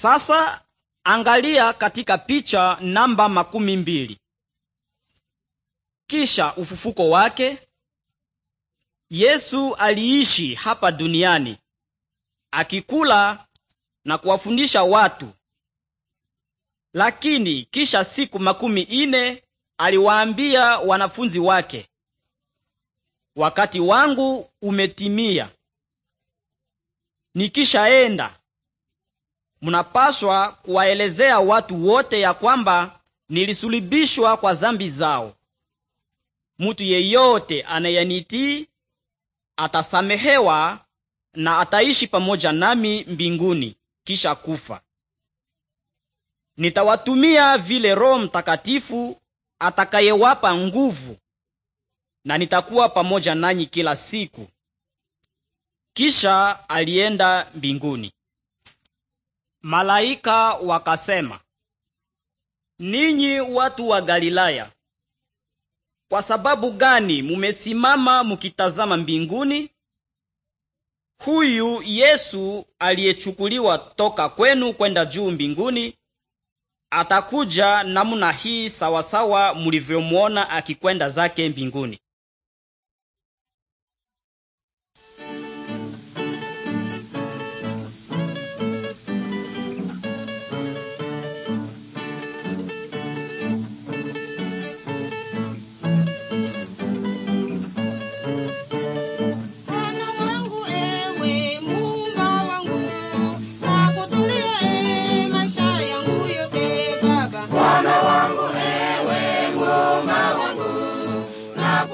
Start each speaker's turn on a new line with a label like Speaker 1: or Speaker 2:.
Speaker 1: Sasa angalia katika picha namba makumi mbili. Kisha ufufuko wake, Yesu aliishi hapa duniani akikula na kuwafundisha watu, lakini kisha siku makumi ine aliwaambia wanafunzi wake, wakati wangu umetimia, nikishaenda mnapaswa kuwaelezea watu wote ya kwamba nilisulibishwa kwa zambi zao. Mutu yeyote anayenitii atasamehewa na ataishi pamoja nami mbinguni kisha kufa. Nitawatumia vile Roho Mtakatifu atakayewapa nguvu, na nitakuwa pamoja nanyi kila siku. Kisha alienda mbinguni. Malaika wakasema, ninyi watu wa Galilaya, kwa sababu gani mumesimama mukitazama mbinguni? Huyu Yesu aliyechukuliwa toka kwenu kwenda juu mbinguni atakuja namna hii, sawasawa mulivyomwona akikwenda zake mbinguni.